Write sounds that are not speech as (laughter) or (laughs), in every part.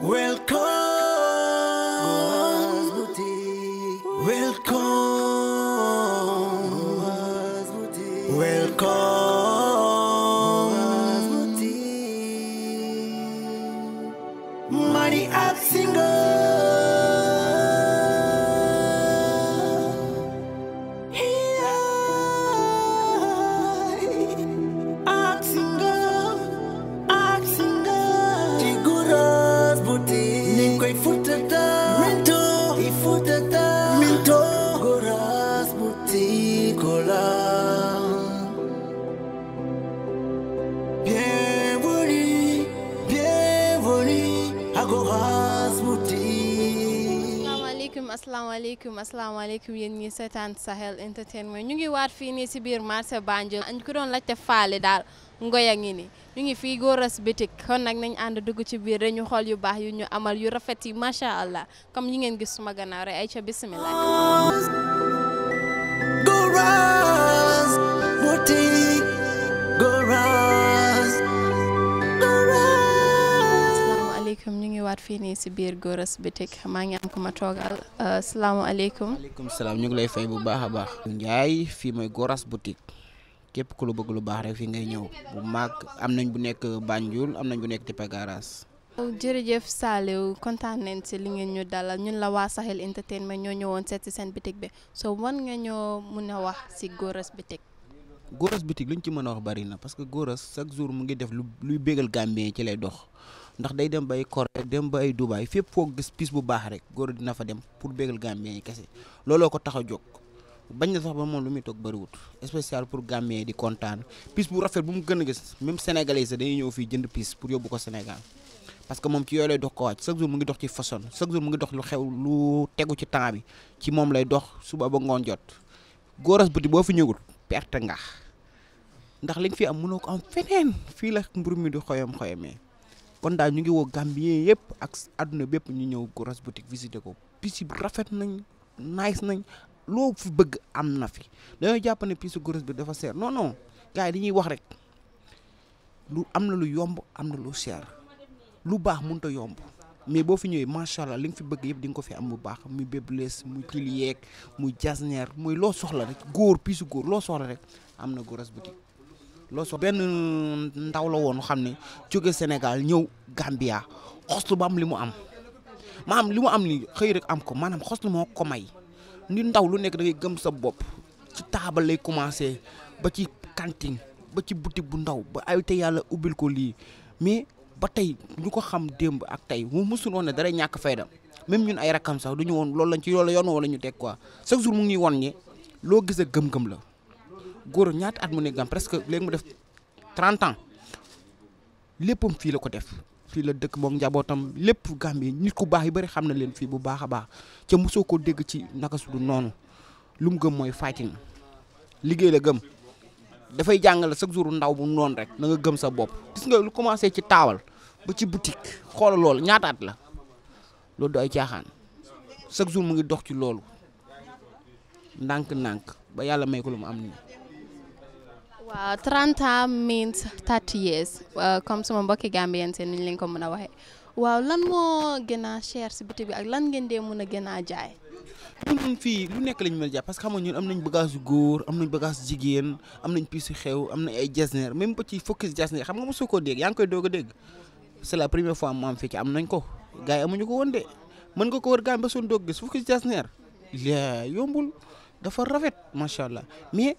Welcome. I'm single. asalaamaaleykum asalaamaaleykum yéen ñi seetaan Sahel entertainment ñu ngi waat fii ni ci biir marché Banjul añ ko doon laajte faale daal ngoya ngi ni ñu ngi fii góoras bitik kon nag nañ ànd dugg ci biir rek ñu xool yu baax yu ñu amal yu rafet yi macha allah comme yi ngeen gis suma gannaaw ay ca bisimilah. asalaamaaleykum ñu ngi waat fii nii si biir Goros Bitik maa ngi am ku ma toogal asalaamaaleykum. Uh, waaleykum salaam ñu ngi lay fay bu baax a baax. Njaay fii mooy Goros Bitik képp ku lu bëgg lu baax rek fi ngay ñëw bu mag am nañ bu nekk Banjul am nañ bu nekk Tepe Garage. jërëjëf Saliou kontaan nañ si li ngeen ñu dalal ñun la waa Sahel Entertainment ñoo ñëwoon seet si seen bitik bi so wan nga ñoo mun a wax si Goros Bitik. Goros Bitik luñ ci mën a wax bari na parce que Goros chaque jour mu ngi def lu luy bégal Gambien ci lay dox. ndax day dem bay ay Corée dem ba ay Dubaï fépp foo gis pis bu baax rek góor dina fa dem pour bégal gambien yi kese looloo ko tax a jóg bañ na sax ba moom lu muy toog bëriwut spécial pour gambien di kontaan pis bu rafet bu mu gën a gis même sénégalais sax dañuy ñëw fii jënd pis pour yóbbu ko Sénégal parce que moom ci yooyu lay dox ko wàcc chaque jour mu ngi dox ci façon chaque jour mu ngi dox lu xew lu tegu ci temps bi ci moom lay dox suba ba ngoon jot góoras bëti boo fi ñëgul perte ngax ndax liñ fi am mënoo ko am feneen fii la mburu mi di xoyam xoyamee kon daal ñu ngi woo Gambien yëpp ak àdduna bépp ñu ñëw Goros boutique visiter ko pis bi rafet nañ nice nañ loo fi bëgg am na fi dañoo jàpp ne pisu Goros bi dafa seer non non gars yi dañuy wax rek lu am na lu yomb am na lu seer lu baax mun te yomb mais boo fi ñëwee macha allah li nga fi bëgg yëpp di nga ko fi am bu baax muy bébles muy tilyeeg muy jasneer muy loo soxla rek góor pisu góor loo soxla rek am na Goros boutique loo so benn ndaw la woon xam ne jóge Sénégal ñëw Gambia xoslu ba am li mu am maa am li mu am ni xëy rek am ko maanaam xoslu moo ko may ni ndaw lu nekk da gëm sa bopp ci taabal lay commencé ba ci cantine ba ci boutique bu ndaw ba ay te yàlla ubbil ko lii mais ba tey ñu ko xam démb ak tey mu mësul woon ne dara ñàkk fayda même ñun ay rakkam sax du ñu woon loolu lañ ci loolu yoon woon la ñu teg quoi chaque jour mu ngi woon ñi loo gis a gëm-gëm la góor ñaata at mu nekk Gàmbi presque léegi mu def 30 ans léppam fii la ko def fii la dëkk moom njabootam lépp Gàmbi nit ku baax yi bari xam na leen fii bu baax a baax ca musoo ko dégg ci naka su du noonu lu mu gëm mooy fighting liggéey la gëm dafay jàngale chaque jour ndaw bu noonu rek na gëm sa bopp gis nga lu commencé ci taawal ba ci boutique xoola loolu ñaata at la loolu du ay caaxaan chaque jour mu ngi dox ci loolu ndànk-ndànk ba yàlla may mu am nii waaw 30 ans means 30 years comme suma mbokki Gambien seen niñ lañ ko mën a waxee waaw lan moo gën a cher si biti bi ak lan ngeen dee mën a gën a jaay. fii lu nekk lañ mën a jaay parce que xam nga ñun am nañ bagage góor am nañ bagage jigéen am nañ piis yu xew am nañ ay jasneer même ba ci focus jasneer xam nga mosoo koo dégg yaa ngi koy doog a dégg c'est la première fois mu am fii ci am nañ ko gars yi amuñu ko woon de mën nga ko wër gaan ba suñ doog gis focus jasneer laa yombul dafa rafet macha allah mais.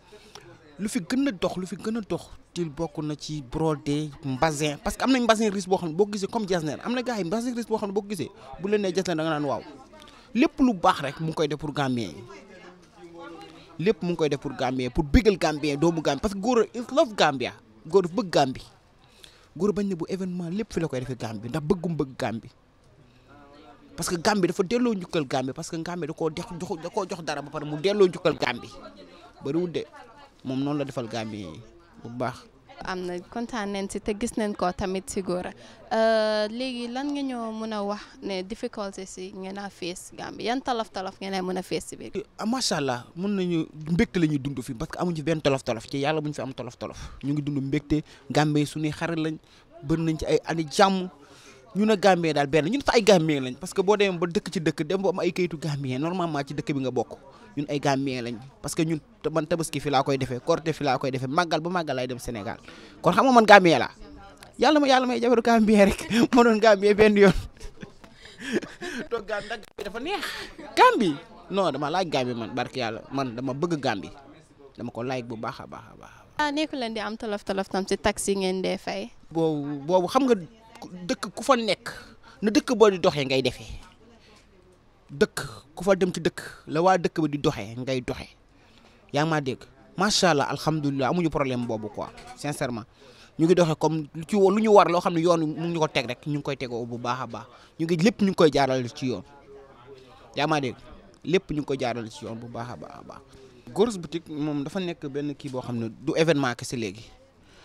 lu fi gën a dox lu fi gën a dox til bokk na ci brodé mbasin parce que am nañ mbasin riche boo xam ne boo ko gisee comme jasner am na gars yi mbasin riche boo xam ne boo ko gisee bu leen nee jasner da nga naan waaw lépp lu baax rek mu ngi koy def pour gambien yi lépp mu ngi koy def pour gambien pour bégal gambien doomu gambien parce que góor is love gambia góor dafa bëgg gambi góor bañ ne bu événement lépp fi la koy defee gambi ndax bëggum bëgg gambi parce que gambi dafa delloo njukkal gambi parce que gambi da koo jox da koo jox dara ba pare mu delloo njukkal gambi bariwul de moom noonu la defal Gambie yi bu baax. am na kontaan nañ si te gis nañ ko tamit si Gora euh, léegi lan nga ñoo mën a wax ne difficulté si ngeen a fees Gambie yan tolof tolof ngeen a mën a fees si biir. Ah, macha allah mun nañu mbégte la ñuy dund fii parce que amuñu fi tolof ci yàlla bu ñu fi am tolof tolof ñu ngi dund mbégte su suñuy xarit lañ bën nañ ci ay ani jàmm. ñu ne Gambien daal benn ñun sax ay Gambien lañ parce que boo demee ba dëkk ci dëkk dem ba am ay kayitu Gambien normalement ci dëkk bi nga bokk ñun ay Gambien lañ parce que ñun man tabaski fi laa koy defee korte fi laa koy defee màggal ba màggal laay dem Sénégal kon xam nga man Gambien laa yàlla ma yàlla may jabaru Gambien rek (laughs) ma doon Gambien benn (laughs) dafa neex Gambie non dama laaj Gambie man barke yàlla man dama bëgg Gambie dama ko laaj bu baax a baax a baax. ah leen di am tolof tolof tam si taxi ngeen dee fay. boobu boobu xam nga dëkk ku fa nekk na dëkk boo di doxee ngay defee. dëkk ku fa dem ci dëkk la waa dëkk bi di doxee ngay doxe yaa ngi dégg macha allah alhamdulilah amuñu problème boobu quoi sincèrement ñu ngi doxe comme lu ci lu ñu war loo xam ne yoon mu ngi ñu ko teg rek ñu ngi koy tegoo bu baax a baax ñu ngi lépp ñu ngi koy jaaral ci yoon yaa lépp ñu ngi koy jaaral ci yoon bu baax a baax a baax. Goros moom dafa nekk benn kii boo xam ne du événement kese léegi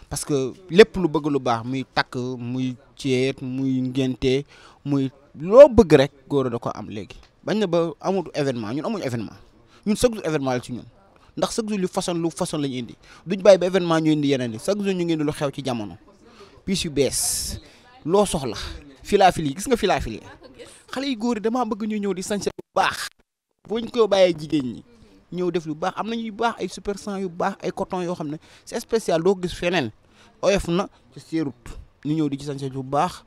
parce que lépp lu bëgg lu baax muy takk muy ceet muy ngénte muy loo bëgg rek góor da ko am léegi. bañ na ba amatu événement ñun amuñu événement ñun chaque jour événement la ci ñun ndax chaque jour lu façon lu façon la ñu indi duñ bàyyi ba événement ñu indi yeneen yi chaque jour ñu ngi indi lu xew ci jamono piis yu bees loo soxla filaafil yi gis nga filaafil yi xale yu góor yi damaa bëgg ñu ñëw di sañse bu baax buñ ko bàyyee jigéen ñi ñëw def lu baax am nañu yu baax ay super sang yu baax ay coton yoo xam ne c'est spécial doo gis feneen oyof na ci seerut ñu ñëw di ci sañse bu baax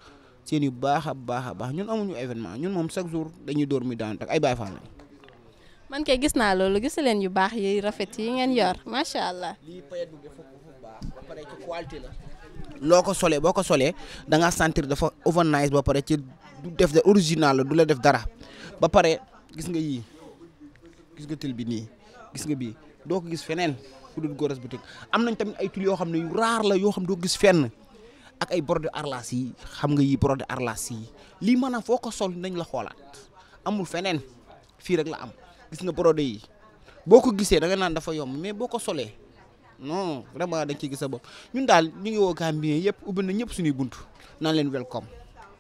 seen yu baax a baax a baax ñun amuñu événement ñun moom chaque jour dañuy dóor muy daan tak ay Baay Faal lañ man kay gis naa loolu gis leen yu baax yi rafet yi ngeen yor macha allah. lii payet bu baax loo ko solee boo ko solee da ngaa sentir dafa overnice ba pare ci du def de original la du la def dara ba pare gis nga yii gis nga tël bi nii gis nga bii doo ko gis feneen fu dul Goros Boutique am nañ tamit ay tul yoo xam ne yu raar la yoo xam ne doo gis fenn ak ay brodé arlas yi xam nga yi brodé arlas yi lii a foo ko sol nañ la xoolaat amul feneen fii rek la am gis nga brodé yi boo ko gisee da nga naan dafa yomb mais boo ko solee non vraiment da nga ciy gis sa bopp ñun daal ñu ngi woo Gambien yëpp ubbi na ñëpp suñuy bunt nan leen welcome.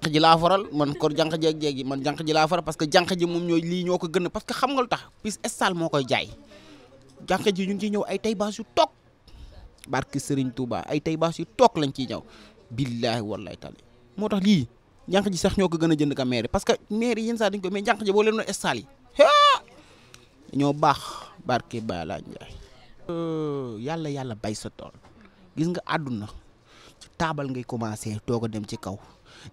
jànq ji laa faral man kon jànq jeeg jeeg yi man jànq ji laa faral parce que jànq ji moom ñooy lii ñoo ko gën parce que xam nga lu tax pis estal moo koy jaay jànq ji ñu ngi ciy ñëw ay tey yu toog barki Serigne Touba ay tey yu toog lañ ciy ñëw billahi wallahi taala motax li ñank ji sax ñoko gëna jënd ka mère parce que mairie yenn saa dañ ko mais ñank ji bo leen no estali yi ñoo baax barke Bala euh yalla yalla bay sa tol gis nga aduna ci table ngay commencé togo dem ci kaw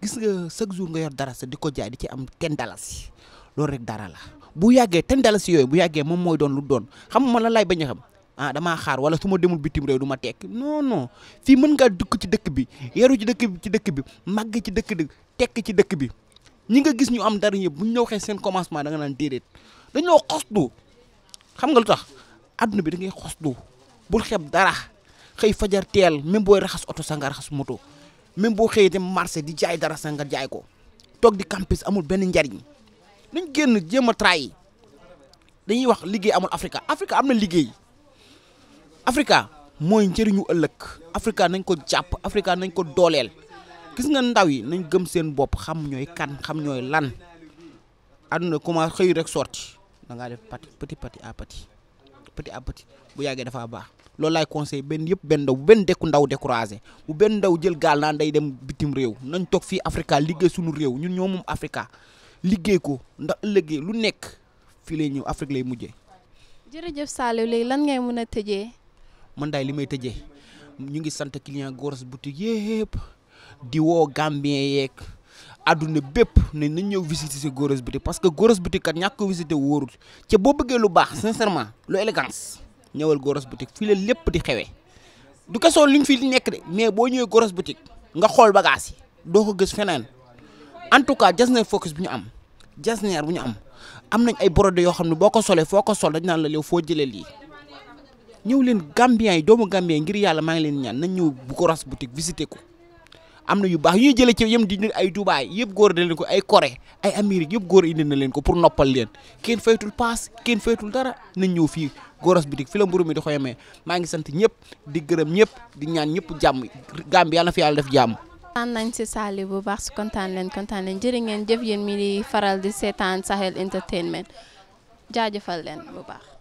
gis nga chaque jour nga yor dara sa di ko jaay di ci am ken dalas loolu rek dara la bu yagge ten dalas yoy, bu yagge mom moy doon lu doon xam ma la lay bañ xam ah dama xaar wala suma demul bitim rew duma tek no non non fi meun nga dukk ci dekk bi yaru ci dekk bi ci dekk bi mag ci dekk dekk tek ci dekk bi ñi nga gis ñu am dara ñëpp bu ñu sen commencement da nga naan déedéet dañoo xostu xam nga lutax aduna bi da ngay xostu bul xeb dara xey fajar tel même boy raxas auto sangar raxas moto même bo xëyee dem marché di jaay dara sangar jaay ko tok di campus amul ben njariñ ñu genn jema a trahi dañuy wax liggéey amul afrika afrika amna Africa mooy njëriñu ëllëg Africa nañ ko jàpp Africa nañ ko dooleel gis nga ndaw yi nañ gëm seen bopp xam ñooy kan xam ñooy lan àdduna commencé xëy rek sorti da ngaa def pati petit à pati petit à pati bu yàggee dafa baax loolu laay conseil benn yëpp benn ndaw bu benn dekku ndaw découragé bu benn ndaw jël gaal naan day dem bitim réew nañ toog fii Africa liggéey suñu réew ñun ñoo moom Africa liggéey ko ndax ëllëgee lu nekk fii lay ñëw Afrique lay mujje jërëjëf Saliou léegi lan man daay li may tëjee ñu ngi sant client Goros boutique yëpp di woo Gambien yeeg àdduna bépp ne nañ ñëw visiter si Goros boutique parce que Goros boutique kat ñàkk ko visiter wóorul ca boo bëggee lu baax sincèrement lu élégance ñëwal Goros boutique fii lépp di xewee du ko sol kesoon fii fi nekk de mais boo ñëwee Goros boutique nga xool bagage yi doo ko gis feneen en tout cas jasneer focus bu ñu am jasneer bu ñu am am nañ ay brodé yoo xam ne boo ko solee foo ko sol dañ naan la léew foo jëlee lii ñëw leen Gambien yi doomu Gambien ngir yàlla maa ngi leen ñaan nañ ñëw bu ko ras boutique visité ko am na yu baax yu ñuy jëlee ci yem di ay Dubaay yëpp góor da leen ko ay Corée ay Amérique yëpp góor indi na leen ko pour noppal leen kenn faytul paas kenn faytul dara nañ ñëw fii Goros Boutique fi la mburu mi di xoyamee maa ngi sant ñëpp di gërëm ñëpp di ñaan ñëpp jàmm Gambie yàlla fi yàlla def jàmm. kontaan nañ si saali bu baax si kontaan leen kontaan leen ngeen jëf yéen mi di faral di seetaan Sahel entertainment jaajëfal leen bu baax.